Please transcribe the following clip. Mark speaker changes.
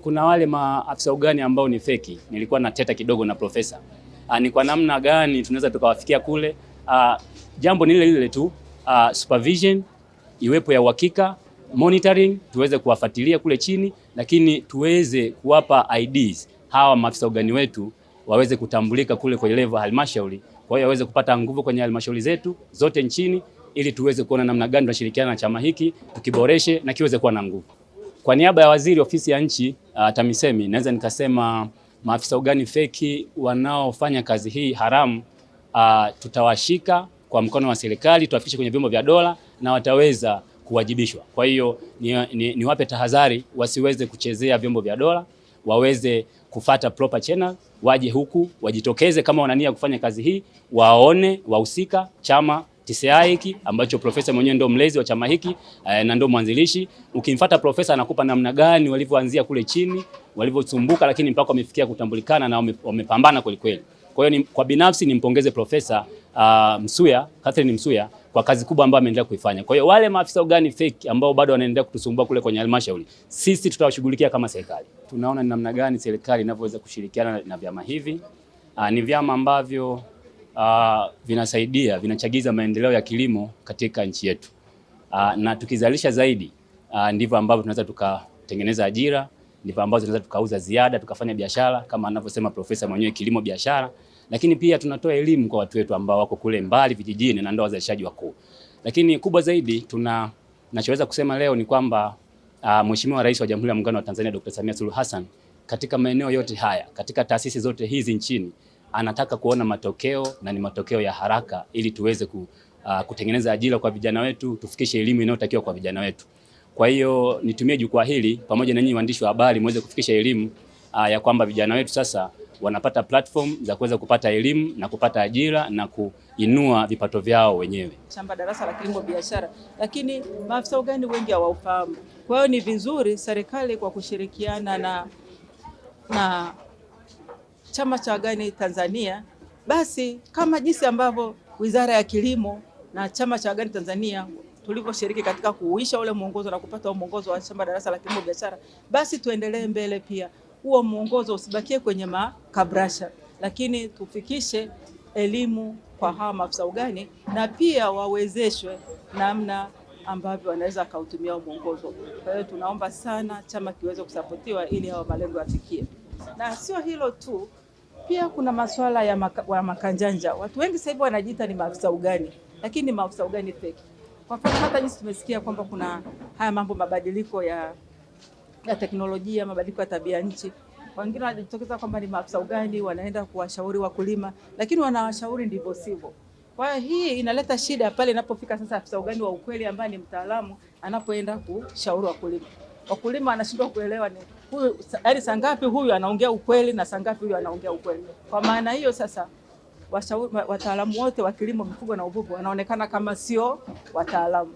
Speaker 1: Kuna wale maafisa ugani ambao ni feki. Nilikuwa na teta kidogo na profesa, ah, ni kwa namna gani tunaweza tukawafikia kule. A, ah, jambo ni lile lile tu, ah, supervision iwepo ya uhakika, monitoring tuweze kuwafuatilia kule chini, lakini tuweze kuwapa IDs hawa maafisa ugani wetu waweze kutambulika kule kwenye level halmashauri, kwa hiyo waweze kupata nguvu kwenye halmashauri zetu zote nchini, ili tuweze kuona namna gani tunashirikiana na chama hiki tukiboreshe na kiweze kuwa na nguvu. Kwa niaba ya waziri ofisi ya nchi uh, TAMISEMI naweza nikasema maafisa ugani feki wanaofanya kazi hii haramu uh, tutawashika kwa mkono wa serikali, tuwafikishe kwenye vyombo vya dola na wataweza kuwajibishwa. Kwa hiyo niwape ni, ni tahadhari wasiweze kuchezea vyombo vya dola, waweze kufata proper channel, waje huku wajitokeze kama wanania kufanya kazi hii, waone wahusika chama TCI hiki ambacho profesa mwenyewe ndio mlezi wa chama hiki eh, na ndio mwanzilishi. Ukimfuata profesa anakupa namna gani walivyoanzia kule chini, walivyosumbuka lakini mpaka wamefikia kutambulikana na wamepambana kweli kweli. Kwa hiyo kwa binafsi nimpongeze profesa uh, Msuya, Catherine Msuya kwa kazi kubwa ambayo ameendelea kuifanya. Kwa hiyo wale maafisa ugani fake ambao bado wanaendelea kutusumbua kule kwenye halmashauri, sisi tutawashughulikia kama serikali. Tunaona ni namna gani serikali inavyoweza kushirikiana na vyama hivi. Uh, ni vyama ambavyo uh, vinasaidia vinachagiza maendeleo ya kilimo katika nchi yetu uh, na tukizalisha zaidi uh, ndivyo ambavyo tunaweza tukatengeneza ajira, ndivyo ambavyo tunaweza tukauza ziada, tukafanya biashara kama anavyosema profesa mwenyewe, kilimo biashara. Lakini pia tunatoa elimu kwa watu wetu ambao wako kule mbali vijijini na ndio wazalishaji wakuu. Lakini kubwa zaidi tuna nachoweza kusema leo ni kwamba uh, Mheshimiwa Rais wa Jamhuri ya Muungano wa Tanzania Dr. Samia Suluhu Hassan katika maeneo yote haya katika taasisi zote hizi nchini anataka kuona matokeo na ni matokeo ya haraka, ili tuweze ku, uh, kutengeneza ajira kwa vijana wetu, tufikishe elimu inayotakiwa kwa vijana wetu. Kwa hiyo nitumie jukwaa hili pamoja na nyinyi waandishi wa habari muweze kufikisha elimu uh, ya kwamba vijana wetu sasa wanapata platform za kuweza kupata elimu na kupata ajira na kuinua vipato vyao wenyewe.
Speaker 2: Shamba darasa la kilimo biashara, lakini maafisa ugani wengi hawaufahamu. Kwa hiyo ni vizuri serikali kwa kushirikiana na na chama cha wagani Tanzania, basi kama jinsi ambavyo Wizara ya Kilimo na chama cha wagani Tanzania tulivyoshiriki katika kuuisha ule mwongozo na kupata mwongozo wa shamba darasa la kilimo biashara, basi tuendelee mbele pia, huo mwongozo usibakie kwenye makabrasha, lakini tufikishe elimu kwa hawa maafisa ugani na pia wawezeshwe namna ambavyo wanaweza akautumia mwongozo. Kwa hiyo tunaomba sana chama kiweze kusapotiwa ili hawa malengo yafikie, na sio hilo tu pia kuna masuala ya maka, wa makanjanja. Watu wengi sasa hivi wanajiita ni maafisa ugani, lakini ni maafisa ugani feki. Kwa mfano hata nyinyi tumesikia kwamba kuna haya mambo mabadiliko ya, ya teknolojia, mabadiliko ya tabia nchi wengine wanajitokeza kwamba ni maafisa ugani, wanaenda kuwashauri wakulima, lakini wanawashauri ndivyo sivyo. Kwa hiyo hii inaleta shida pale inapofika sasa afisa ugani wa ukweli ambaye ni mtaalamu anapoenda kushauri wakulima wakulima wanashindwa kuelewa ni huyu yaani, sangapi huyu anaongea ukweli na sangapi huyu anaongea ukweli. Kwa maana hiyo sasa wataalamu wote wa kilimo, mifugo na uvuvi wanaonekana kama sio wataalamu.